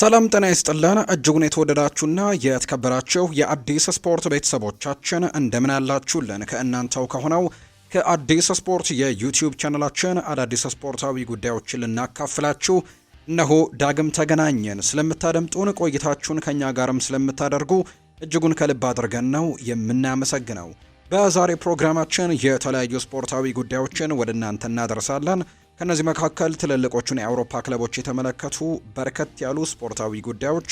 ሰላም ጤና ይስጥልን እጅጉን የተወደዳችሁና የተከበራችሁ የአዲስ ስፖርት ቤተሰቦቻችን እንደምን አላችሁልን? ከእናንተው ከሆነው ከአዲስ ስፖርት የዩቲዩብ ቻነላችን አዳዲስ ስፖርታዊ ጉዳዮችን ልናካፍላችሁ እነሆ ዳግም ተገናኘን። ስለምታደምጡን ቆይታችሁን ከእኛ ጋርም ስለምታደርጉ እጅጉን ከልብ አድርገን ነው የምናመሰግነው። በዛሬ ፕሮግራማችን የተለያዩ ስፖርታዊ ጉዳዮችን ወደ እናንተ እናደርሳለን። ከነዚህ መካከል ትልልቆቹን የአውሮፓ ክለቦች የተመለከቱ በርከት ያሉ ስፖርታዊ ጉዳዮች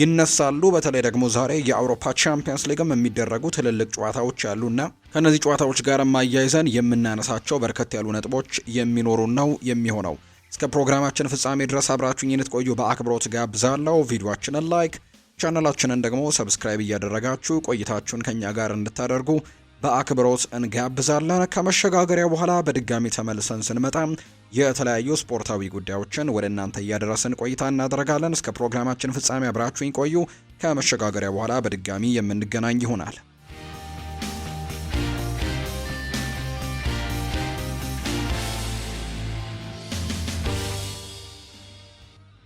ይነሳሉ። በተለይ ደግሞ ዛሬ የአውሮፓ ቻምፒየንስ ሊግም የሚደረጉ ትልልቅ ጨዋታዎች አሉና ከእነዚህ ጨዋታዎች ጋር አያይዘን የምናነሳቸው በርከት ያሉ ነጥቦች የሚኖሩ ነው የሚሆነው። እስከ ፕሮግራማችን ፍጻሜ ድረስ አብራችሁኝ እንድትቆዩ በአክብሮት ጋብዛለሁ። ቪዲዮአችንን ላይክ ቻናላችንን ደግሞ ሰብስክራይብ እያደረጋችሁ ቆይታችሁን ከኛ ጋር እንድታደርጉ በአክብሮት እንጋብዛለን። ከመሸጋገሪያ በኋላ በድጋሚ ተመልሰን ስንመጣ የተለያዩ ስፖርታዊ ጉዳዮችን ወደ እናንተ እያደረስን ቆይታ እናደርጋለን። እስከ ፕሮግራማችን ፍጻሜ አብራችሁኝ ቆዩ። ከመሸጋገሪያ በኋላ በድጋሚ የምንገናኝ ይሆናል።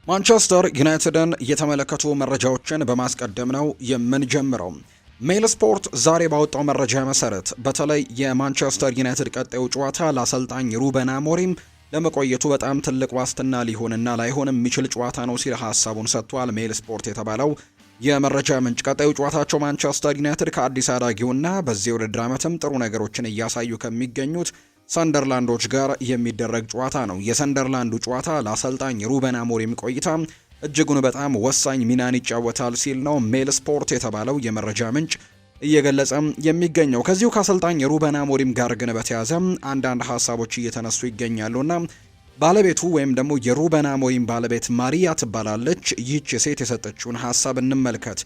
ማንቸስተር ዩናይትድን የተመለከቱ መረጃዎችን በማስቀደም ነው የምንጀምረው። ሜል ስፖርት ዛሬ ባወጣው መረጃ መሰረት በተለይ የማንቸስተር ዩናይትድ ቀጣዩ ጨዋታ ለአሰልጣኝ ሩበን አሞሪም ለመቆየቱ በጣም ትልቅ ዋስትና ሊሆንና ላይሆን የሚችል ጨዋታ ነው ሲል ሀሳቡን ሰጥቷል። ሜል ስፖርት የተባለው የመረጃ ምንጭ ቀጣዩ ጨዋታቸው ማንቸስተር ዩናይትድ ከአዲስ አዳጊውና በዚህ ውድድር ዓመትም ጥሩ ነገሮችን እያሳዩ ከሚገኙት ሰንደርላንዶች ጋር የሚደረግ ጨዋታ ነው። የሰንደርላንዱ ጨዋታ ለአሰልጣኝ ሩበን አሞሪም ቆይታ እጅጉን በጣም ወሳኝ ሚናን ይጫወታል ሲል ነው ሜል ስፖርት የተባለው የመረጃ ምንጭ እየገለጸም የሚገኘው። ከዚሁ ከአሰልጣኝ ሩበን አሞሪም ጋር ግን በተያዘ አንዳንድ ሀሳቦች እየተነሱ ይገኛሉና ባለቤቱ ወይም ደግሞ የሩበን አሞሪም ባለቤት ማሪያ ትባላለች። ይህች ሴት የሰጠችውን ሀሳብ እንመልከት።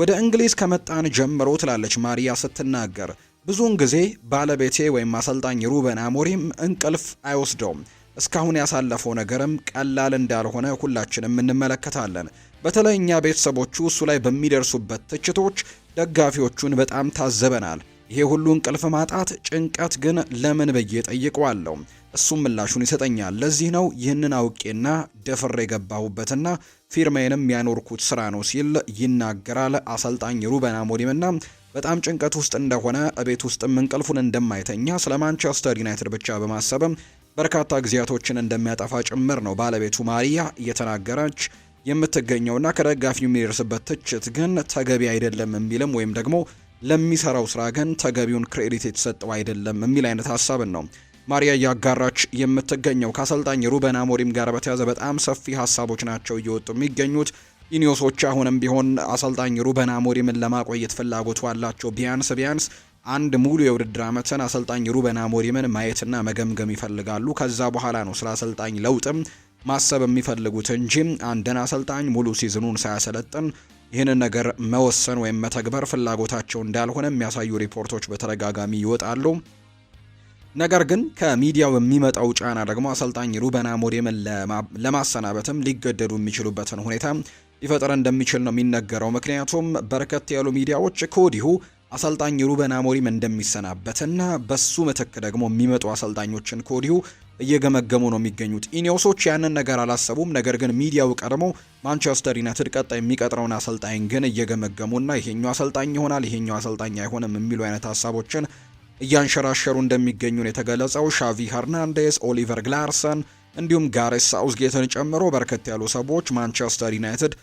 ወደ እንግሊዝ ከመጣን ጀምሮ ትላለች ማሪያ ስትናገር፣ ብዙውን ጊዜ ባለቤቴ ወይም አሰልጣኝ ሩበን አሞሪም እንቅልፍ አይወስደውም እስካሁን ያሳለፈው ነገርም ቀላል እንዳልሆነ ሁላችንም እንመለከታለን። በተለይ እኛ ቤተሰቦቹ እሱ ላይ በሚደርሱበት ትችቶች ደጋፊዎቹን በጣም ታዘበናል። ይሄ ሁሉ እንቅልፍ ማጣት፣ ጭንቀት ግን ለምን ብዬ ጠይቀዋለሁ። እሱም ምላሹን ይሰጠኛል። ለዚህ ነው ይህንን አውቄና ደፍር የገባሁበትና ፊርማዬንም ያኖርኩት ስራ ነው ሲል ይናገራል አሰልጣኝ ሩበን አሞሪምና በጣም ጭንቀት ውስጥ እንደሆነ እቤት ውስጥም እንቅልፉን እንደማይተኛ ስለ ማንቸስተር ዩናይትድ ብቻ በማሰብም በርካታ ጊዜያቶችን እንደሚያጠፋ ጭምር ነው ባለቤቱ ማሪያ እየተናገረች የምትገኘውና ከደጋፊው የሚደርስበት ትችት ግን ተገቢ አይደለም የሚልም ወይም ደግሞ ለሚሰራው ስራ ግን ተገቢውን ክሬዲት የተሰጠው አይደለም የሚል አይነት ሀሳብን ነው ማሪያ እያጋራች የምትገኘው። ከአሰልጣኝ ሩበን አሞሪም ጋር በተያዘ በጣም ሰፊ ሀሳቦች ናቸው እየወጡ የሚገኙት። ኢኒዮሶች አሁንም ቢሆን አሰልጣኝ ሩበን አሞሪምን ለማቆየት ፍላጎቱ አላቸው ቢያንስ ቢያንስ አንድ ሙሉ የውድድር ዓመትን አሰልጣኝ ሩበን አሞሪምን ማየትና መገምገም ይፈልጋሉ። ከዛ በኋላ ነው ስለ አሰልጣኝ ለውጥም ማሰብ የሚፈልጉት እንጂ አንድን አሰልጣኝ ሙሉ ሲዝኑን ሳያሰለጥን ይህንን ነገር መወሰን ወይም መተግበር ፍላጎታቸው እንዳልሆነ የሚያሳዩ ሪፖርቶች በተደጋጋሚ ይወጣሉ። ነገር ግን ከሚዲያው የሚመጣው ጫና ደግሞ አሰልጣኝ ሩበን አሞሪምን ለማሰናበትም ሊገደዱ የሚችሉበትን ሁኔታ ሊፈጠር እንደሚችል ነው የሚነገረው። ምክንያቱም በርከት ያሉ ሚዲያዎች ከወዲሁ አሰልጣኝ ሩበን አሞሪም እንደሚሰናበትና በሱ ምትክ ደግሞ የሚመጡ አሰልጣኞችን ከወዲሁ እየገመገሙ ነው የሚገኙት። ኢኔዎሶች ያንን ነገር አላሰቡም። ነገር ግን ሚዲያው ቀድሞ ማንቸስተር ዩናይትድ ቀጣይ የሚቀጥረውን አሰልጣኝ ግን እየገመገሙና ይሄኛው አሰልጣኝ ይሆናል፣ ይሄኛው አሰልጣኝ አይሆንም የሚሉ አይነት ሀሳቦችን እያንሸራሸሩ እንደሚገኙ ነው የተገለጸው። ሻቪ ሄርናንዴስ፣ ኦሊቨር ግላርሰን እንዲሁም ጋሬስ ሳውዝጌትን ጨምሮ በርከት ያሉ ሰዎች ማንቸስተር ዩናይትድ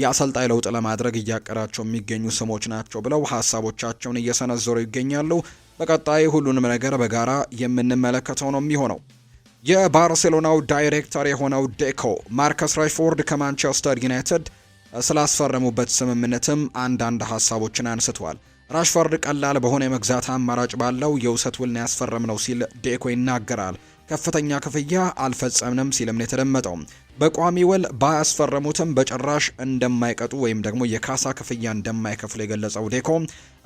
የአሰልጣኝ ለውጥ ለማድረግ እያቀዳቸው የሚገኙ ስሞች ናቸው ብለው ሀሳቦቻቸውን እየሰነዘሩ ይገኛሉ። በቀጣይ ሁሉንም ነገር በጋራ የምንመለከተው ነው የሚሆነው። የባርሴሎናው ዳይሬክተር የሆነው ዴኮ ማርከስ ራሽፎርድ ከማንቸስተር ዩናይትድ ስላስፈረሙበት ስምምነትም አንዳንድ ሀሳቦችን አንስተዋል። ራሽፎርድ ቀላል በሆነ የመግዛት አማራጭ ባለው የውሰት ውል ያስፈረም ነው ሲል ዴኮ ይናገራል። ከፍተኛ ክፍያ አልፈጸምንም ሲልም ነው የተደመጠው። በቋሚ ውል ባያስፈረሙትም በጭራሽ እንደማይቀጡ ወይም ደግሞ የካሳ ክፍያ እንደማይከፍሉ የገለጸው ዴኮ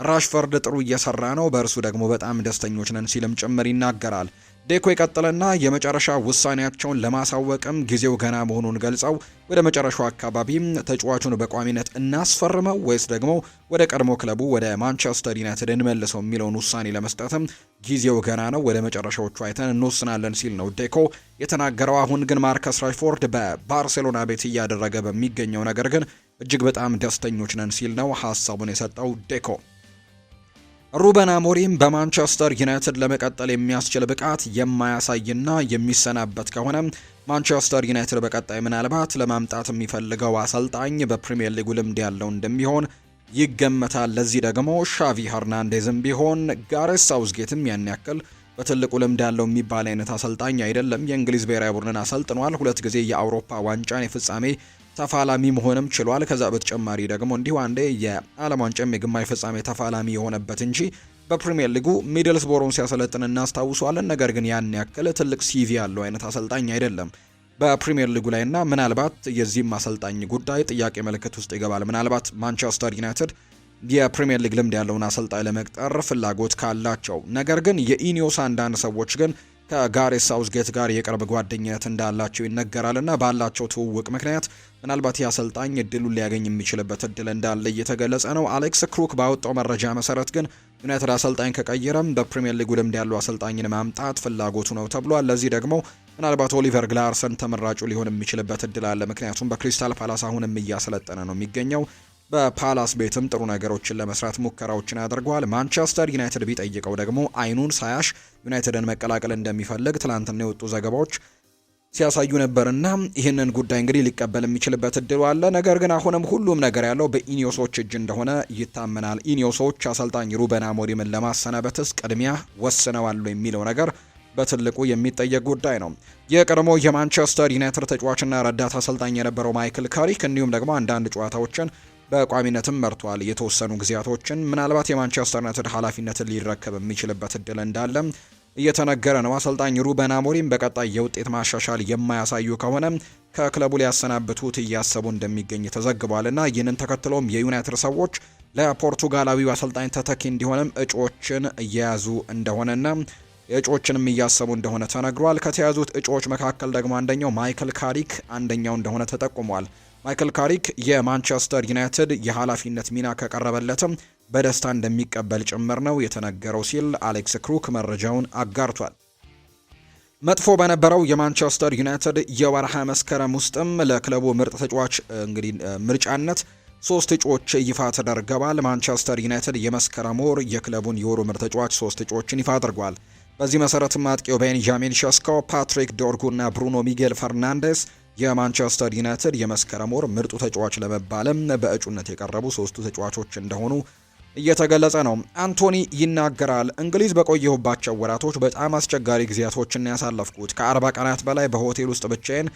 ራሽፈርድ ጥሩ እየሰራ ነው፣ በእርሱ ደግሞ በጣም ደስተኞች ነን ሲልም ጭምር ይናገራል። ዴኮ የቀጠለና የመጨረሻ ውሳኔያቸውን ለማሳወቅም ጊዜው ገና መሆኑን ገልጸው ወደ መጨረሻው አካባቢ ተጫዋቹን በቋሚነት እናስፈርመው ወይስ ደግሞ ወደ ቀድሞ ክለቡ ወደ ማንቸስተር ዩናይትድ እንመልሰው የሚለውን ውሳኔ ለመስጠትም ጊዜው ገና ነው፣ ወደ መጨረሻዎቹ አይተን እንወስናለን ሲል ነው ዴኮ የተናገረው። አሁን ግን ማርከስ ራሽፎርድ በባርሴሎና ቤት እያደረገ በሚገኘው ነገር ግን እጅግ በጣም ደስተኞች ነን ሲል ነው ሀሳቡን የሰጠው ዴኮ። ሩበን አሞሪም በማንቸስተር ዩናይትድ ለመቀጠል የሚያስችል ብቃት የማያሳይና የሚሰናበት ከሆነ ማንቸስተር ዩናይትድ በቀጣይ ምናልባት ለማምጣት የሚፈልገው አሰልጣኝ በፕሪምየር ሊጉ ልምድ ያለው እንደሚሆን ይገመታል። ለዚህ ደግሞ ሻቪ ሀርናንዴዝም ቢሆን ጋሬስ ሳውዝጌትም ያን ያክል በትልቁ ልምድ ያለው የሚባል አይነት አሰልጣኝ አይደለም። የእንግሊዝ ብሔራዊ ቡድንን አሰልጥኗል። ሁለት ጊዜ የአውሮፓ ዋንጫን የፍጻሜ ተፋላሚ መሆንም ችሏል። ከዛ በተጨማሪ ደግሞ እንዲሁ አንዴ የዓለም ዋንጫም የግማሽ ፍጻሜ ተፋላሚ የሆነበት እንጂ በፕሪምየር ሊጉ ሚድልስቦሮን ሲያሰለጥን እናስታውሰዋለን። ነገር ግን ያን ያክል ትልቅ ሲቪ ያለው አይነት አሰልጣኝ አይደለም በፕሪምየር ሊጉ ላይ እና ምናልባት የዚህም አሰልጣኝ ጉዳይ ጥያቄ ምልክት ውስጥ ይገባል። ምናልባት ማንቸስተር ዩናይትድ የፕሪምየር ሊግ ልምድ ያለውን አሰልጣኝ ለመቅጠር ፍላጎት ካላቸው፣ ነገር ግን የኢኒዮስ አንዳንድ ሰዎች ግን ከጋሬት ሳውዝጌት ጋር የቅርብ ጓደኝነት እንዳላቸው ይነገራል እና ባላቸው ትውውቅ ምክንያት ምናልባት የአሰልጣኝ እድሉን ሊያገኝ የሚችልበት እድል እንዳለ እየተገለጸ ነው። አሌክስ ክሩክ ባወጣው መረጃ መሰረት ግን ዩናይትድ አሰልጣኝ ከቀየረም በፕሪምየር ሊጉ ልምድ ያለው አሰልጣኝን ማምጣት ፍላጎቱ ነው ተብሏል። ለዚህ ደግሞ ምናልባት ኦሊቨር ግላርሰን ተመራጩ ሊሆን የሚችልበት እድል አለ። ምክንያቱም በክሪስታል ፓላስ አሁንም እያሰለጠነ ነው የሚገኘው። በፓላስ ቤትም ጥሩ ነገሮችን ለመስራት ሙከራዎችን አድርጓል። ማንቸስተር ዩናይትድ ቢጠይቀው ደግሞ አይኑን ሳያሽ ዩናይትድን መቀላቀል እንደሚፈልግ ትላንትና የወጡ ዘገባዎች ሲያሳዩ ነበርና ይህንን ጉዳይ እንግዲህ ሊቀበል የሚችልበት እድሉ አለ። ነገር ግን አሁንም ሁሉም ነገር ያለው በኢኒዮሶች እጅ እንደሆነ ይታመናል። ኢኒዮሶች አሰልጣኝ ሩበን አሞሪምን ለማሰናበትስ ቅድሚያ ወስነዋሉ የሚለው ነገር በትልቁ የሚጠየቅ ጉዳይ ነው። የቀድሞ የማንቸስተር ዩናይትድ ተጫዋችና ረዳት አሰልጣኝ የነበረው ማይክል ካሪክ እንዲሁም ደግሞ አንዳንድ ጨዋታዎችን በቋሚነትም መርቷል። የተወሰኑ ጊዜያቶችን ምናልባት የማንቸስተር ዩናይትድ ኃላፊነትን ሊረከብ የሚችልበት እድል እንዳለ እየተነገረ ነው። አሰልጣኝ ሩበን አሞሪም በቀጣይ የውጤት ማሻሻል የማያሳዩ ከሆነ ከክለቡ ሊያሰናብቱት እያሰቡ እንደሚገኝ ተዘግቧል እና ይህንን ተከትሎም የዩናይትድ ሰዎች ለፖርቱጋላዊው አሰልጣኝ ተተኪ እንዲሆንም እጩዎችን እየያዙ እንደሆነና እጩዎችንም እያሰቡ እንደሆነ ተነግሯል። ከተያዙት እጩዎች መካከል ደግሞ አንደኛው ማይክል ካሪክ አንደኛው እንደሆነ ተጠቁሟል። ማይክል ካሪክ የማንቸስተር ዩናይትድ የኃላፊነት ሚና ከቀረበለትም በደስታ እንደሚቀበል ጭምር ነው የተነገረው ሲል አሌክስ ክሩክ መረጃውን አጋርቷል። መጥፎ በነበረው የማንቸስተር ዩናይትድ የወርሃ መስከረም ውስጥም ለክለቡ ምርጥ ተጫዋች እንግዲህ ምርጫነት ሶስት እጩዎች ይፋ ተደርገዋል። ማንቸስተር ዩናይትድ የመስከረም ወር የክለቡን የወሩ ምርጥ ተጫዋች ሶስት እጩዎችን ይፋ አድርጓል። በዚህ መሰረትም አጥቂው ቤንጃሚን ሸስኮ፣ ፓትሪክ ዶርጉ እና ብሩኖ ሚጌል ፈርናንዴስ የማንቸስተር ዩናይትድ የመስከረም ወር ምርጡ ተጫዋች ለመባለም በእጩነት የቀረቡ ሶስቱ ተጫዋቾች እንደሆኑ እየተገለጸ ነው። አንቶኒ ይናገራል። እንግሊዝ በቆየሁባቸው ወራቶች በጣም አስቸጋሪ ጊዜያቶችን ያሳለፍኩት ከአርባ ቀናት በላይ በሆቴል ውስጥ ብቻዬን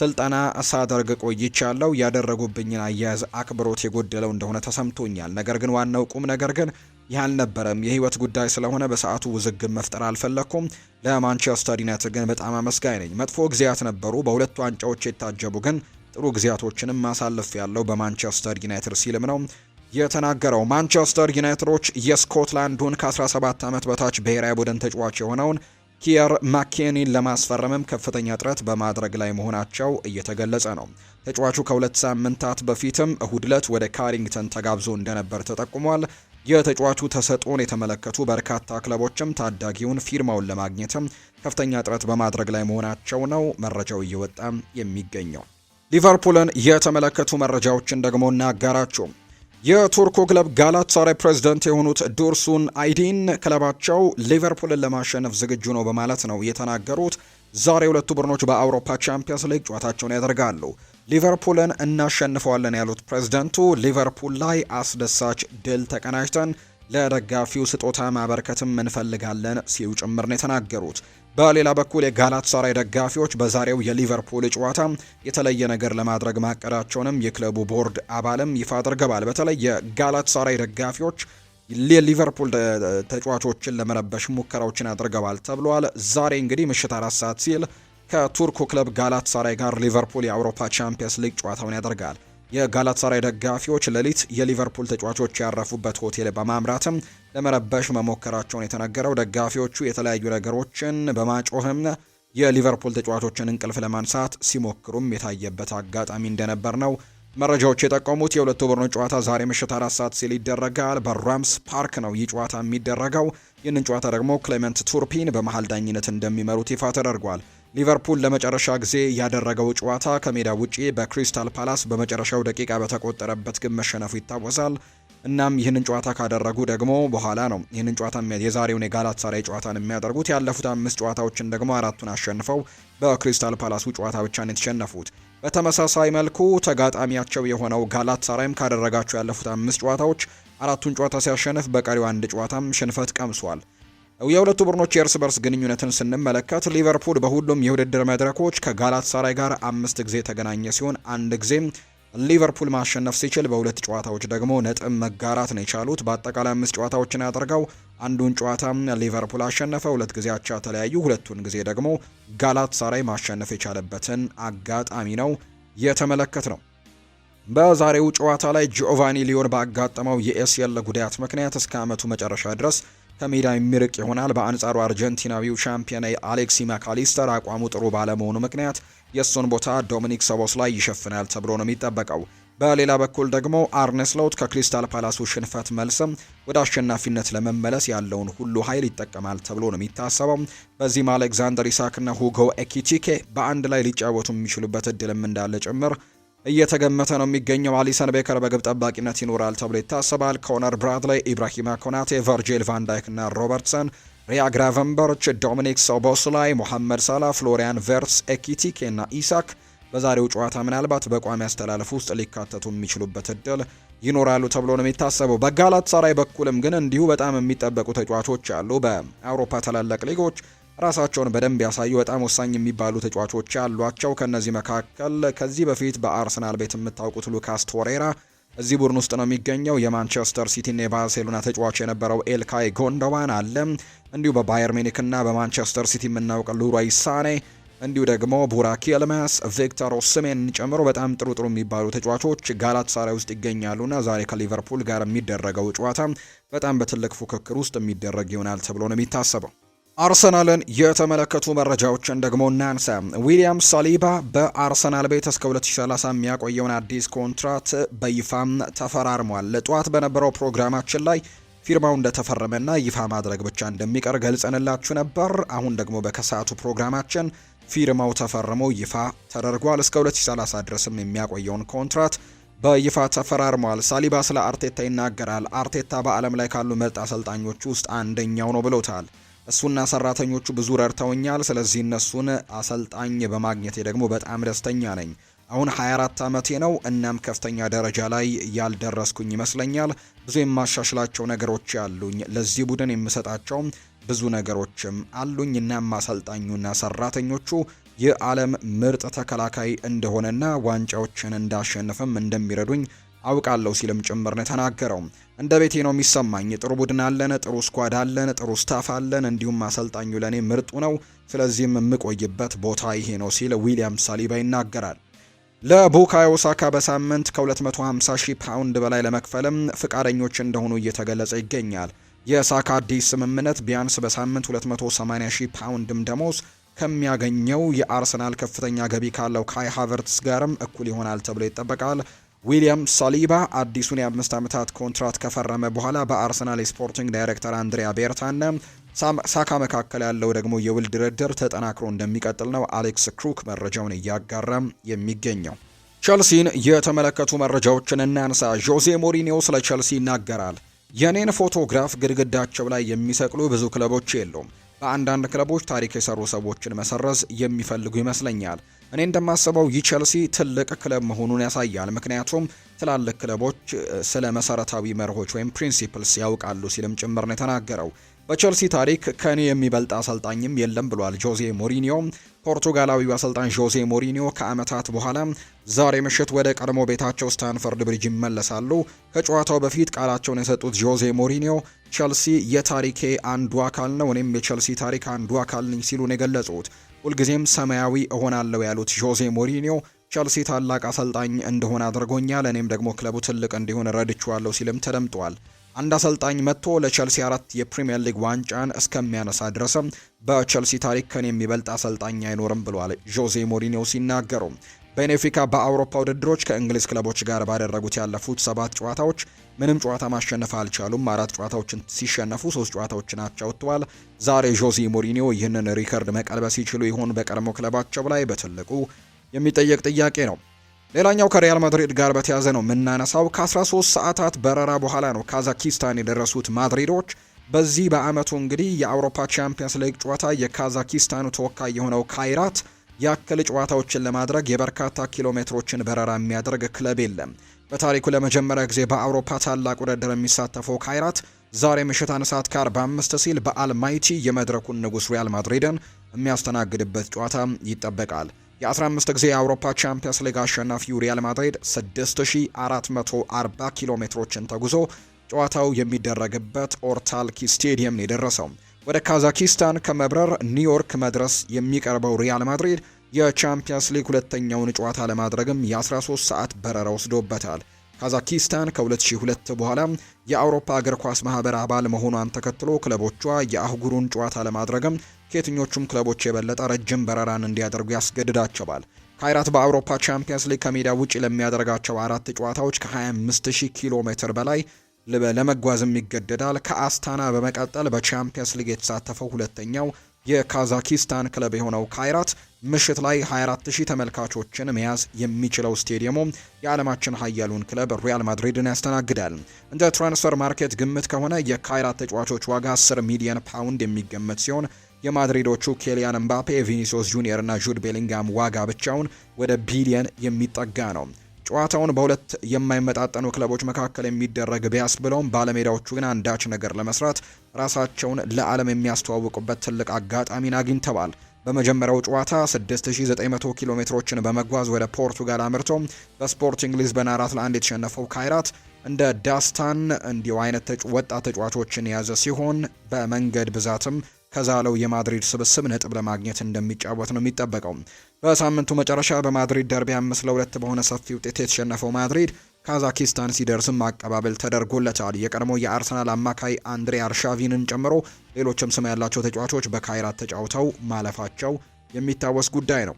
ስልጠና ሳደርግ ቆይቻለሁ። ያደረጉብኝን አያያዝ አክብሮት የጎደለው እንደሆነ ተሰምቶኛል። ነገር ግን ዋናው ቁም ነገር ግን ይህ አልነበረም የህይወት ጉዳይ ስለሆነ በሰዓቱ ውዝግብ መፍጠር አልፈለግኩም። ለማንቸስተር ዩናይትድ ግን በጣም አመስጋኝ ነኝ። መጥፎ ጊዜያት ነበሩ፣ በሁለቱ ዋንጫዎች የታጀቡ ግን ጥሩ ጊዜያቶችንም ማሳለፍ ያለው በማንቸስተር ዩናይትድ ሲልም ነው የተናገረው። ማንቸስተር ዩናይትዶች የስኮትላንዱን ከ17 ዓመት በታች ብሔራዊ ቡድን ተጫዋች የሆነውን ኪየር ማኬኒን ለማስፈረምም ከፍተኛ ጥረት በማድረግ ላይ መሆናቸው እየተገለጸ ነው። ተጫዋቹ ከሁለት ሳምንታት በፊትም እሁድ ዕለት ወደ ካሪንግተን ተጋብዞ እንደነበር ተጠቁሟል። የተጫዋቹ ተሰጥኦን የተመለከቱ በርካታ ክለቦችም ታዳጊውን ፊርማውን ለማግኘትም ከፍተኛ ጥረት በማድረግ ላይ መሆናቸው ነው መረጃው እየወጣ የሚገኘው። ሊቨርፑልን የተመለከቱ መረጃዎችን ደግሞ እናጋራችሁ። የቱርኩ ክለብ ጋላት ፕሬዝደንት የሆኑት ዱርሱን አይዲን ክለባቸው ሊቨርፑልን ለማሸነፍ ዝግጁ ነው በማለት ነው የተናገሩት። ዛሬ ሁለቱ ቡድኖች በአውሮፓ ቻምፒየንስ ሊግ ጨዋታቸውን ያደርጋሉ። ሊቨርፑልን እናሸንፈዋለን ያሉት ፕሬዝደንቱ ሊቨርፑል ላይ አስደሳች ድል ተቀናጅተን ለደጋፊው ስጦታ ማበርከትም እንፈልጋለን ሲሉ ጭምር ነው የተናገሩት። በሌላ በኩል የጋላት ሳራይ ደጋፊዎች በዛሬው የሊቨርፑል ጨዋታ የተለየ ነገር ለማድረግ ማቀዳቸውንም የክለቡ ቦርድ አባልም ይፋ አድርገዋል። በተለይ የጋላት ሳራይ ደጋፊዎች የሊቨርፑል ተጫዋቾችን ለመረበሽ ሙከራዎችን አድርገዋል ተብሏል። ዛሬ እንግዲህ ምሽት አራት ሰዓት ሲል ከቱርኩ ክለብ ጋላት ሳራይ ጋር ሊቨርፑል የአውሮፓ ቻምፒየንስ ሊግ ጨዋታውን ያደርጋል። የጋላት ሳራይ ደጋፊዎች ሌሊት የሊቨርፑል ተጫዋቾች ያረፉበት ሆቴል በማምራትም ለመረበሽ መሞከራቸውን የተነገረው ደጋፊዎቹ የተለያዩ ነገሮችን በማጮህም የሊቨርፑል ተጫዋቾችን እንቅልፍ ለማንሳት ሲሞክሩም የታየበት አጋጣሚ እንደነበር ነው መረጃዎች የጠቀሙት። የሁለቱ ቡድኖች ጨዋታ ዛሬ ምሽት አራት ሰዓት ሲል ይደረጋል። በራምስ ፓርክ ነው ይህ ጨዋታ የሚደረገው። ይህንን ጨዋታ ደግሞ ክሌመንት ቱርፒን በመሀል ዳኝነት እንደሚመሩት ይፋ ተደርጓል። ሊቨርፑል ለመጨረሻ ጊዜ ያደረገው ጨዋታ ከሜዳ ውጪ በክሪስታል ፓላስ በመጨረሻው ደቂቃ በተቆጠረበት ግን መሸነፉ ይታወሳል። እናም ይህንን ጨዋታ ካደረጉ ደግሞ በኋላ ነው ይህንን ጨዋታ የዛሬውን የጋላታሳራይ ጨዋታን የሚያደርጉት። ያለፉት አምስት ጨዋታዎችን ደግሞ አራቱን አሸንፈው በክሪስታል ፓላሱ ጨዋታ ብቻ ነው የተሸነፉት። በተመሳሳይ መልኩ ተጋጣሚያቸው የሆነው ጋላታሳራይም ካደረጋቸው ያለፉት አምስት ጨዋታዎች አራቱን ጨዋታ ሲያሸንፍ፣ በቀሪው አንድ ጨዋታም ሽንፈት ቀምሷል። የሁለቱ ቡድኖች የእርስ በርስ ግንኙነትን ስንመለከት ሊቨርፑል በሁሉም የውድድር መድረኮች ከጋላት ሳራይ ጋር አምስት ጊዜ የተገናኘ ሲሆን አንድ ጊዜም ሊቨርፑል ማሸነፍ ሲችል በሁለት ጨዋታዎች ደግሞ ነጥብ መጋራት ነው የቻሉት። በአጠቃላይ አምስት ጨዋታዎችን ያደርገው አንዱን ጨዋታ ሊቨርፑል አሸነፈ፣ ሁለት ጊዜ አቻ ተለያዩ፣ ሁለቱን ጊዜ ደግሞ ጋላት ሳራይ ማሸነፍ የቻለበትን አጋጣሚ ነው የተመለከት ነው። በዛሬው ጨዋታ ላይ ጂኦቫኒ ሊዮን ባጋጠመው የኤስኤል ጉዳት ምክንያት እስከ ዓመቱ መጨረሻ ድረስ ከሜዳ የሚርቅ ይሆናል። በአንጻሩ አርጀንቲናዊው ሻምፒዮን አሌክሲ ማካሊስተር አቋሙ ጥሩ ባለመሆኑ ምክንያት የእሱን ቦታ ዶሚኒክ ሰቦስ ላይ ይሸፍናል ተብሎ ነው የሚጠበቀው። በሌላ በኩል ደግሞ አርነስሎት ከክሪስታል ፓላሱ ሽንፈት መልስም ወደ አሸናፊነት ለመመለስ ያለውን ሁሉ ኃይል ይጠቀማል ተብሎ ነው የሚታሰበው። በዚህም አሌክዛንደር ኢሳክና ሁጎ ኤኪቲኬ በአንድ ላይ ሊጫወቱ የሚችሉበት እድልም እንዳለ ጭምር እየተገመተ ነው የሚገኘው። አሊሰን ቤከር በግብ ጠባቂነት ይኖራል ተብሎ ይታሰባል። ኮነር ብራድላይ፣ ኢብራሂማ ኮናቴ፣ ቨርጂል ቫንዳይክ እና ሮበርትሰን፣ ሪያ ግራቨንበርች፣ ዶሚኒክ ሶቦስላይ፣ ሞሐመድ ሳላ፣ ፍሎሪያን ቨርስ፣ ኤኪቲኬ እና ኢሳክ በዛሬው ጨዋታ ምናልባት በቋሚ አስተላለፍ ውስጥ ሊካተቱ የሚችሉበት እድል ይኖራሉ ተብሎ ነው የሚታሰበው። በጋላት ሳራይ በኩልም ግን እንዲሁ በጣም የሚጠበቁ ተጫዋቾች አሉ። በአውሮፓ ታላላቅ ሊጎች ራሳቸውን በደንብ ያሳዩ በጣም ወሳኝ የሚባሉ ተጫዋቾች ያሏቸው። ከእነዚህ መካከል ከዚህ በፊት በአርሰናል ቤት የምታውቁት ሉካስ ቶሬራ እዚህ ቡድን ውስጥ ነው የሚገኘው። የማንቸስተር ሲቲና የባርሴሎና ተጫዋች የነበረው ኤልካይ ጎንዶዋን አለ። እንዲሁ በባየር ሚኒክና በማንቸስተር ሲቲ የምናውቅ ሉሮይ ሳኔ፣ እንዲሁ ደግሞ ቡራኪ ልማስ፣ ቪክተር ኦስሜን ጨምሮ በጣም ጥሩ ጥሩ የሚባሉ ተጫዋቾች ጋላታሳራይ ውስጥ ይገኛሉና ዛሬ ከሊቨርፑል ጋር የሚደረገው ጨዋታ በጣም በትልቅ ፉክክር ውስጥ የሚደረግ ይሆናል ተብሎ ነው የሚታሰበው። አርሰናልን የተመለከቱ መረጃዎችን ደግሞ እናንሳ። ዊሊያም ሳሊባ በአርሰናል ቤት እስከ 2030 የሚያቆየውን አዲስ ኮንትራት በይፋም ተፈራርሟል። ጠዋት በነበረው ፕሮግራማችን ላይ ፊርማው እንደተፈረመና ይፋ ማድረግ ብቻ እንደሚቀር ገልጸንላችሁ ነበር። አሁን ደግሞ በከሰዓቱ ፕሮግራማችን ፊርማው ተፈርሞ ይፋ ተደርጓል። እስከ 2030 ድረስም የሚያቆየውን ኮንትራት በይፋ ተፈራርሟል። ሳሊባ ስለ አርቴታ ይናገራል። አርቴታ በዓለም ላይ ካሉ ምርጥ አሰልጣኞች ውስጥ አንደኛው ነው ብሎታል። እሱና ሰራተኞቹ ብዙ ረድተውኛል። ስለዚህ እነሱን አሰልጣኝ በማግኘቴ ደግሞ በጣም ደስተኛ ነኝ። አሁን 24 ዓመቴ ነው። እናም ከፍተኛ ደረጃ ላይ ያልደረስኩኝ ይመስለኛል። ብዙ የማሻሽላቸው ነገሮች ያሉኝ፣ ለዚህ ቡድን የምሰጣቸው ብዙ ነገሮችም አሉኝ። እናም አሰልጣኙና ሰራተኞቹ የዓለም ምርጥ ተከላካይ እንደሆነና ዋንጫዎችን እንዳሸንፍም እንደሚረዱኝ አውቃለሁ ሲልም ጭምር ነው የተናገረው። እንደ ቤቴ ነው የሚሰማኝ። ጥሩ ቡድን አለን፣ ጥሩ ስኳድ አለን፣ ጥሩ ስታፍ አለን። እንዲሁም አሰልጣኙ ለእኔ ምርጡ ነው። ስለዚህም የምቆይበት ቦታ ይሄ ነው ሲል ዊሊያም ሳሊባ ይናገራል። ለቡካዮ ሳካ በሳምንት ከ250 ሺህ ፓውንድ በላይ ለመክፈልም ፍቃደኞች እንደሆኑ እየተገለጸ ይገኛል። የሳካ አዲስ ስምምነት ቢያንስ በሳምንት 280 ሺህ ፓውንድም ደሞዝ ከሚያገኘው የአርሰናል ከፍተኛ ገቢ ካለው ካይ ሃቨርትስ ጋርም እኩል ይሆናል ተብሎ ይጠበቃል። ዊሊያም ሳሊባ አዲሱን የአምስት ዓመታት ኮንትራት ከፈረመ በኋላ በአርሰናል የስፖርቲንግ ዳይሬክተር አንድሪያ ቤርታና ሳካ መካከል ያለው ደግሞ የውል ድርድር ተጠናክሮ እንደሚቀጥል ነው አሌክስ ክሩክ መረጃውን እያጋራም የሚገኘው። ቸልሲን የተመለከቱ መረጃዎችን እናንሳ። ዦዜ ሞሪኒዮ ስለ ቸልሲ ይናገራል። የኔን ፎቶግራፍ ግድግዳቸው ላይ የሚሰቅሉ ብዙ ክለቦች የሉም። በአንዳንድ ክለቦች ታሪክ የሰሩ ሰዎችን መሰረዝ የሚፈልጉ ይመስለኛል። እኔ እንደማስበው ይህ ቸልሲ ትልቅ ክለብ መሆኑን ያሳያል፣ ምክንያቱም ትላልቅ ክለቦች ስለ መሰረታዊ መርሆች ወይም ፕሪንሲፕልስ ያውቃሉ ሲልም ጭምር ነው የተናገረው። በቸልሲ ታሪክ ከኔ የሚበልጥ አሰልጣኝም የለም ብሏል ጆዜ ሞሪኒዮ። ፖርቱጋላዊው አሰልጣኝ ጆዜ ሞሪኒዮ ከዓመታት በኋላ ዛሬ ምሽት ወደ ቀድሞ ቤታቸው ስታንፈርድ ብሪጅ ይመለሳሉ። ከጨዋታው በፊት ቃላቸውን የሰጡት ጆዜ ሞሪኒዮ ቸልሲ የታሪኬ አንዱ አካል ነው፣ እኔም የቸልሲ ታሪክ አንዱ አካል ነኝ ሲሉ የገለጹት። ሁልጊዜም ሰማያዊ እሆናለሁ ያሉት ዦዜ ሞሪኒዮ ቸልሲ ታላቅ አሰልጣኝ እንደሆነ አድርጎኛል፣ እኔም ደግሞ ክለቡ ትልቅ እንዲሆን ረድችዋለሁ ሲልም ተደምጧል። አንድ አሰልጣኝ መጥቶ ለቸልሲ አራት የፕሪምየር ሊግ ዋንጫን እስከሚያነሳ ድረስም በቸልሲ ታሪክ ከኔ የሚበልጥ አሰልጣኝ አይኖርም ብሏል ዦሴ ሞሪኒዮ ሲናገሩ። በኔፊካ በአውሮፓ ውድድሮች ከእንግሊዝ ክለቦች ጋር ባደረጉት ያለፉት ሰባት ጨዋታዎች ምንም ጨዋታ ማሸነፍ አልቻሉም። አራት ጨዋታዎችን ሲሸነፉ፣ ሶስት ጨዋታዎችን አቻ ወጥተዋል። ዛሬ ዦሲ ሞሪኒዮ ይህንን ሪከርድ መቀልበስ ይችሉ ይሆን? በቀድሞ ክለባቸው ላይ በትልቁ የሚጠየቅ ጥያቄ ነው። ሌላኛው ከሪያል ማድሪድ ጋር በተያዘ ነው የምናነሳው። ከ13 ሰዓታት በረራ በኋላ ነው ካዛኪስታን የደረሱት ማድሪዶች። በዚህ በአመቱ እንግዲህ የአውሮፓ ቻምፒየንስ ሊግ ጨዋታ የካዛኪስታኑ ተወካይ የሆነው ካይራት ያክል ጨዋታዎችን ለማድረግ የበርካታ ኪሎ ሜትሮችን በረራ የሚያደርግ ክለብ የለም። በታሪኩ ለመጀመሪያ ጊዜ በአውሮፓ ታላቅ ውድድር የሚሳተፈው ካይራት ዛሬ ምሽት አንድ ሰዓት ከ ሲል በአልማይቲ የመድረኩን ንጉስ ሪያል ማድሪድን የሚያስተናግድበት ጨዋታ ይጠበቃል። የ15 ጊዜ የአውሮፓ ቻምፒየንስ ሊግ አሸናፊው ሪያል ማድሪድ 6440 ኪሎ ሜትሮችን ተጉዞ ጨዋታው የሚደረግበት ኦርታልኪ ስቴዲየም ነው የደረሰው። ወደ ካዛኪስታን ከመብረር ኒውዮርክ መድረስ የሚቀርበው ሪያል ማድሪድ የቻምፒየንስ ሊግ ሁለተኛውን ጨዋታ ለማድረግም የ13 ሰዓት በረራ ወስዶበታል። ካዛኪስታን ከ2002 በኋላ የአውሮፓ እግር ኳስ ማህበር አባል መሆኗን ተከትሎ ክለቦቿ የአህጉሩን ጨዋታ ለማድረግም ከየትኞቹም ክለቦች የበለጠ ረጅም በረራን እንዲያደርጉ ያስገድዳቸዋል። ካይራት በአውሮፓ ቻምፒየንስ ሊግ ከሜዳ ውጭ ለሚያደርጋቸው አራት ጨዋታዎች ከ25000 ኪሎ ሜትር በላይ ለመጓዝም ይገደዳል። ከአስታና በመቀጠል በቻምፒየንስ ሊግ የተሳተፈው ሁለተኛው የካዛኪስታን ክለብ የሆነው ካይራት ምሽት ላይ 24000 ተመልካቾችን መያዝ የሚችለው ስቴዲየሙ የዓለማችን ሀያሉን ክለብ ሪያል ማድሪድን ያስተናግዳል። እንደ ትራንስፈር ማርኬት ግምት ከሆነ የካይራት ተጫዋቾች ዋጋ 10 ሚሊዮን ፓውንድ የሚገመት ሲሆን የማድሪዶቹ ኬሊያን ኤምባፔ፣ ቪኒሲዮስ ጁኒየር እና ጁድ ቤሊንጋም ዋጋ ብቻውን ወደ ቢሊየን የሚጠጋ ነው። ጨዋታውን በሁለት የማይመጣጠኑ ክለቦች መካከል የሚደረግ ቢያስ ብለውም ባለሜዳዎቹ ግን አንዳች ነገር ለመስራት ራሳቸውን ለዓለም የሚያስተዋውቁበት ትልቅ አጋጣሚን አግኝተዋል። በመጀመሪያው ጨዋታ 6900 ኪሎ ሜትሮችን በመጓዝ ወደ ፖርቱጋል አምርቶ በስፖርቲንግ ሊዝበን አራት ለአንድ የተሸነፈው ካይራት እንደ ዳስታን እንዲሁ አይነት ወጣት ተጫዋቾችን የያዘ ሲሆን በመንገድ ብዛትም ከዛለው የማድሪድ ስብስብ ነጥብ ለማግኘት እንደሚጫወት ነው የሚጠበቀው። በሳምንቱ መጨረሻ በማድሪድ ደርቢ አምስት ለሁለት በሆነ ሰፊ ውጤት የተሸነፈው ማድሪድ ካዛኪስታን ሲደርስም አቀባበል ተደርጎለታል። የቀድሞ የአርሰናል አማካይ አንድሬ አርሻቪንን ጨምሮ ሌሎችም ስም ያላቸው ተጫዋቾች በካይራት ተጫውተው ማለፋቸው የሚታወስ ጉዳይ ነው።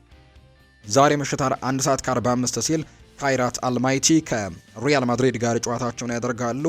ዛሬ ምሽት አንድ ሰዓት ከ45 ሲል ካይራት አልማይቲ ከሪያል ማድሪድ ጋር ጨዋታቸውን ያደርጋሉ።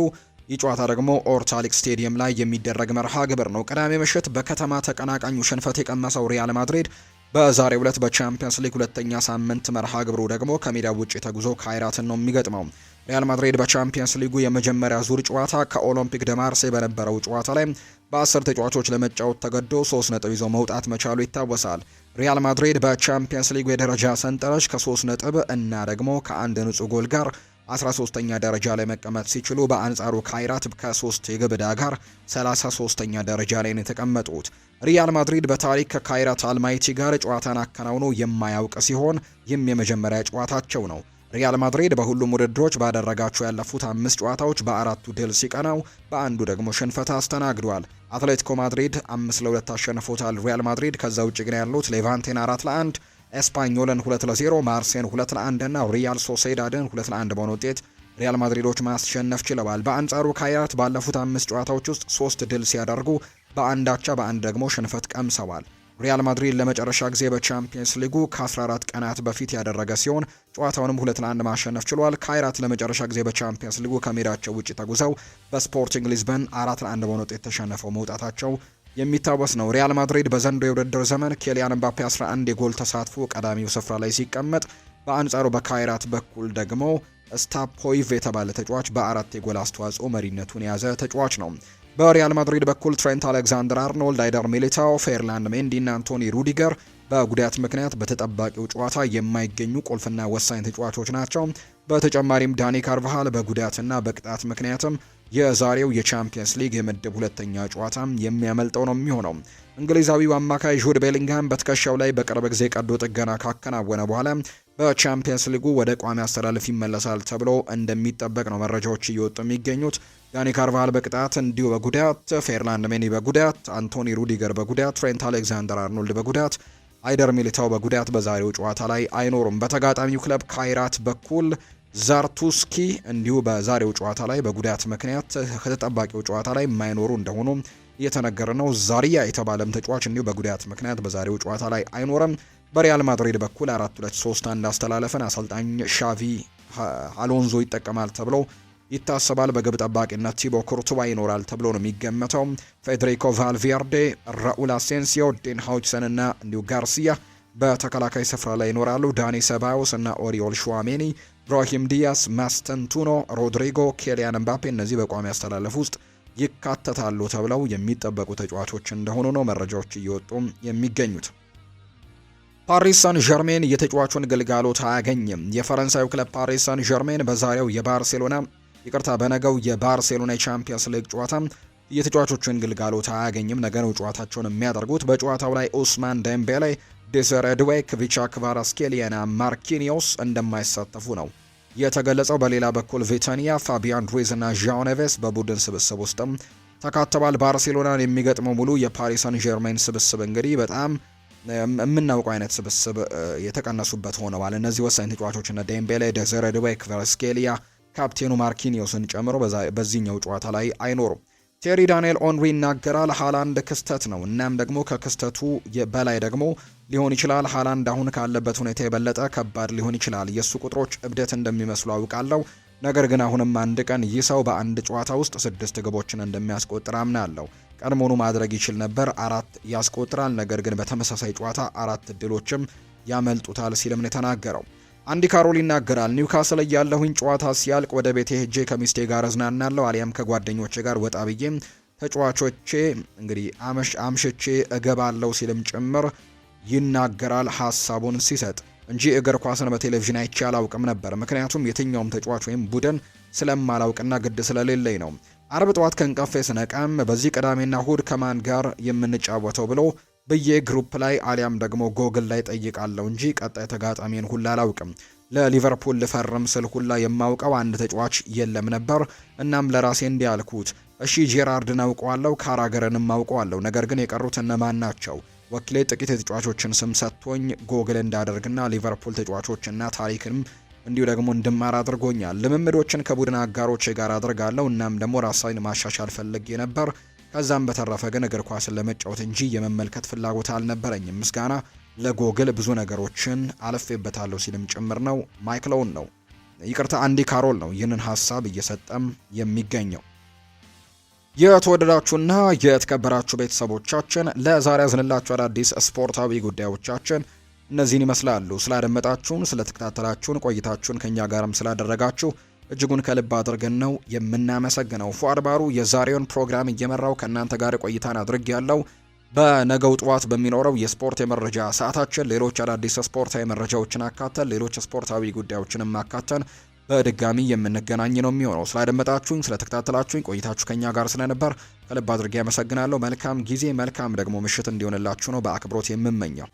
ይህ ጨዋታ ደግሞ ኦርታሊክ ስቴዲየም ላይ የሚደረግ መርሃ ግብር ነው። ቅዳሜ ምሽት በከተማ ተቀናቃኙ ሽንፈት የቀመሰው ሪያል ማድሪድ በዛሬው ዕለት በቻምፒየንስ ሊግ ሁለተኛ ሳምንት መርሃ ግብሩ ደግሞ ከሜዳ ውጭ ተጉዞ ካይራትን ነው የሚገጥመው። ሪያል ማድሪድ በቻምፒየንስ ሊጉ የመጀመሪያ ዙር ጨዋታ ከኦሎምፒክ ደማርሴ በነበረው ጨዋታ ላይ በአስር ተጫዋቾች ለመጫወት ተገዶ ሶስት ነጥብ ይዞ መውጣት መቻሉ ይታወሳል። ሪያል ማድሪድ በቻምፒየንስ ሊጉ የደረጃ ሰንጠረዥ ከሶስት ነጥብ እና ደግሞ ከአንድ ንጹህ ጎል ጋር 13ተኛ ደረጃ ላይ መቀመጥ ሲችሉ በአንጻሩ ካይራት ከሶስት የግብዳ ጋር 33 ኛ ደረጃ ላይ ነው የተቀመጡት። ሪያል ማድሪድ በታሪክ ከካይራት አልማይቲ ጋር ጨዋታን አከናውኖ የማያውቅ ሲሆን ይህም የመጀመሪያ ጨዋታቸው ነው። ሪያል ማድሪድ በሁሉም ውድድሮች ባደረጋቸው ያለፉት አምስት ጨዋታዎች በአራቱ ድል ሲቀናው በአንዱ ደግሞ ሽንፈት አስተናግዷል። አትሌቲኮ ማድሪድ አምስት ለሁለት አሸንፎታል ሪያል ማድሪድ። ከዛ ውጭ ግን ያሉት ሌቫንቴን አራት ለአንድ፣ ኤስፓኞልን ሁለት ለዜሮ፣ ማርሴን ሁለት ለአንድ እና ሪያል ሶሴዳድን ሁለት ለአንድ በሆነ ውጤት ሪያል ማድሪዶች ማስሸነፍ ችለዋል። በአንጻሩ ካይራት ባለፉት አምስት ጨዋታዎች ውስጥ ሶስት ድል ሲያደርጉ በአንድ አቻ በአንድ ደግሞ ሽንፈት ቀምሰዋል። ሪያል ማድሪድ ለመጨረሻ ጊዜ በቻምፒየንስ ሊጉ ከ14 ቀናት በፊት ያደረገ ሲሆን ጨዋታውንም ሁለት ለአንድ ማሸነፍ ችሏል። ካይራት ለመጨረሻ ጊዜ በቻምፒየንስ ሊጉ ከሜዳቸው ውጭ ተጉዘው በስፖርቲንግ ሊዝበን አራት ለአንድ በሆነ ውጤት ተሸነፈው መውጣታቸው የሚታወስ ነው። ሪያል ማድሪድ በዘንዶ የውድድር ዘመን ኬሊያን ምባፔ 11 የጎል ተሳትፎ ቀዳሚው ስፍራ ላይ ሲቀመጥ፣ በአንጻሩ በካይራት በኩል ደግሞ ስታፖይቭ የተባለ ተጫዋች በአራት የጎል አስተዋጽኦ መሪነቱን የያዘ ተጫዋች ነው። በሪያል ማድሪድ በኩል ትሬንት አሌክዛንደር አርኖልድ፣ አይደር ሚሊታው፣ ፌርላንድ ሜንዲ እና አንቶኒ ሩዲገር በጉዳት ምክንያት በተጠባቂው ጨዋታ የማይገኙ ቁልፍና ወሳኝ ተጫዋቾች ናቸው። በተጨማሪም ዳኒ ካርቫሃል በጉዳትና በቅጣት ምክንያትም የዛሬው የቻምፒየንስ ሊግ የምድብ ሁለተኛ ጨዋታ የሚያመልጠው ነው የሚሆነው። እንግሊዛዊው አማካይ ጁድ ቤሊንግሃም በትከሻው ላይ በቅርብ ጊዜ ቀዶ ጥገና ካከናወነ በኋላ በቻምፒየንስ ሊጉ ወደ ቋሚ አሰላለፍ ይመለሳል ተብሎ እንደሚጠበቅ ነው መረጃዎች እየወጡ የሚገኙት። ዳኒ ካርቫሃል በቅጣት እንዲሁ በጉዳት ፌርላንድ ሜኒ በጉዳት አንቶኒ ሩዲገር በጉዳት ትሬንት አሌክዛንደር አርኖልድ በጉዳት አይደር ሚሊታው በጉዳት በዛሬው ጨዋታ ላይ አይኖሩም። በተጋጣሚው ክለብ ካይራት በኩል ዛርቱስኪ እንዲሁ በዛሬው ጨዋታ ላይ በጉዳት ምክንያት ከተጠባቂው ጨዋታ ላይ የማይኖሩ እንደሆኑ እየተነገረ ነው። ዛሪያ የተባለም ተጫዋች እንዲሁ በጉዳት ምክንያት በዛሬው ጨዋታ ላይ አይኖርም። በሪያል ማድሪድ በኩል አራት ሁለት ሶስት አንድ አስተላለፍን አሰልጣኝ ሻቪ አሎንዞ ይጠቀማል ተብሎ ይታሰባል። በግብ ጠባቂነት ቲቦ ኩርቱባ ይኖራል ተብሎ ነው የሚገመተው። ፌዴሪኮ ቫልቬርዴ፣ ራኡል አሴንሲዮ፣ ዴን ሃውችሰን እና እንዲሁ ጋርሲያ በተከላካይ ስፍራ ላይ ይኖራሉ። ዳኒ ሰባዮስ እና ኦሪዮል ሹዋሜኒ፣ ብሮሂም ዲያስ፣ ማስተንቱኖ፣ ሮድሪጎ፣ ኬሊያን ምባፔ እነዚህ በቋሚ አስተላለፍ ውስጥ ይካተታሉ ተብለው የሚጠበቁ ተጫዋቾች እንደሆኑ ነው መረጃዎች እየወጡ የሚገኙት። ፓሪስ ሳን ዠርሜን የተጫዋቹን ግልጋሎት አያገኝም። የፈረንሳዩ ክለብ ፓሪስ ሳን ዠርሜን በዛሬው የባርሴሎና ይቅርታ፣ በነገው የባርሴሎና የቻምፒየንስ ሊግ ጨዋታ የተጫዋቾችን ግልጋሎት አያገኝም። ነገ ነው ጨዋታቸውን የሚያደርጉት። በጨዋታው ላይ ኡስማን ደምቤሌ፣ ዴዘሬ ዱዌ፣ ክቪቻ ክቫራትስኬሊያና ማርኪኒዮስ እንደማይሳተፉ ነው የተገለጸው። በሌላ በኩል ቪታኒያ፣ ፋቢያን ሩይዝ እና ዣኦኔቬስ በቡድን ስብስብ ውስጥም ተካተዋል። ባርሴሎናን የሚገጥመው ሙሉ የፓሪስ ሳን ዠርሜን ስብስብ እንግዲህ በጣም የምናውቀው አይነት ስብስብ የተቀነሱበት ሆነዋል። እነዚህ ወሳኝ ተጫዋቾች እነ ዴምቤሌ፣ ደዘረ ድዌ፣ ክቨርስኬሊያ ካፕቴኑ ማርኪኒዮስን ጨምሮ በዚህኛው ጨዋታ ላይ አይኖሩም። ቴሪ ዳንኤል ኦንሪ ይናገራል። ሃላንድ ክስተት ነው። እናም ደግሞ ከክስተቱ በላይ ደግሞ ሊሆን ይችላል። ሃላንድ አሁን ካለበት ሁኔታ የበለጠ ከባድ ሊሆን ይችላል። የእሱ ቁጥሮች እብደት እንደሚመስሉ አውቃለሁ። ነገር ግን አሁንም አንድ ቀን ይህ ሰው በአንድ ጨዋታ ውስጥ ስድስት ግቦችን እንደሚያስቆጥር አምናለሁ። ቀድሞኑ ማድረግ ይችል ነበር። አራት ያስቆጥራል፣ ነገር ግን በተመሳሳይ ጨዋታ አራት እድሎችም ያመልጡታል ሲልም ነው የተናገረው። አንዲ ካሮል ይናገራል። ኒውካስል እያለሁኝ ጨዋታ ሲያልቅ ወደ ቤቴ ሄጄ ከሚስቴ ጋር እዝናናለሁ አሊያም ከጓደኞቼ ጋር ወጣ ብዬ ተጫዋቾቼ እንግዲህ አመሽ አምሽቼ እገባለሁ ሲልም ጭምር ይናገራል ሀሳቡን ሲሰጥ እንጂ እግር ኳስን በቴሌቪዥን አይቼ አላውቅም ነበር፣ ምክንያቱም የትኛውም ተጫዋች ወይም ቡድን ስለማላውቅና ግድ ስለሌለኝ ነው። አርብ ጠዋት ከእንቅልፌ ስነቃም በዚህ ቅዳሜና እሁድ ከማን ጋር የምንጫወተው ብሎ ብዬ ግሩፕ ላይ አሊያም ደግሞ ጎግል ላይ ጠይቃለሁ እንጂ ቀጣይ ተጋጣሚን ሁላ አላውቅም። ለሊቨርፑል ልፈርም ስል ሁላ የማውቀው አንድ ተጫዋች የለም ነበር። እናም ለራሴ እንዲህ አልኩት፣ እሺ ጄራርድን አውቀዋለሁ፣ ካራገርንም አውቀዋለሁ፣ ነገር ግን የቀሩት እነማን ናቸው? ወኪሌ ጥቂት የተጫዋቾችን ስም ሰጥቶኝ ጎግል እንዳደርግና ሊቨርፑል ተጫዋቾችና ታሪክንም እንዲሁ ደግሞ እንድማር አድርጎኛል። ልምምዶችን ከቡድን አጋሮች ጋር አድርጋለሁ። እናም ደግሞ ራሳይን ማሻሻል ፈልጌ ነበር። ከዛም በተረፈ ግን እግር ኳስን ለመጫወት እንጂ የመመልከት ፍላጎት አልነበረኝም። ምስጋና ለጎግል ብዙ ነገሮችን አለፌበታለሁ ሲልም ጭምር ነው። ማይክለውን ነው ይቅርታ፣ አንዲ ካሮል ነው ይህንን ሀሳብ እየሰጠም የሚገኘው። የተወደዳችሁና የተከበራችሁ ቤተሰቦቻችን ለዛሬ ያዝንላችሁ አዳዲስ ስፖርታዊ ጉዳዮቻችን እነዚህን ይመስላሉ። ስላደመጣችሁን፣ ስለተከታተላችሁን፣ ቆይታችሁን ከእኛ ጋርም ስላደረጋችሁ እጅጉን ከልብ አድርገን ነው የምናመሰግነው። ፉአድ ባሩ የዛሬውን ፕሮግራም እየመራው ከእናንተ ጋር ቆይታን አድርግ ያለው በነገው ጠዋት በሚኖረው የስፖርት የመረጃ ሰዓታችን ሌሎች አዳዲስ ስፖርታዊ መረጃዎችን አካተን ሌሎች ስፖርታዊ ጉዳዮችንም አካተን በድጋሚ የምንገናኝ ነው የሚሆነው። ስላደመጣችሁኝ፣ ስለተከታተላችሁኝ ቆይታችሁ ከኛ ጋር ስለነበር ከልብ አድርጌ ያመሰግናለሁ። መልካም ጊዜ፣ መልካም ደግሞ ምሽት እንዲሆንላችሁ ነው በአክብሮት የምመኘው።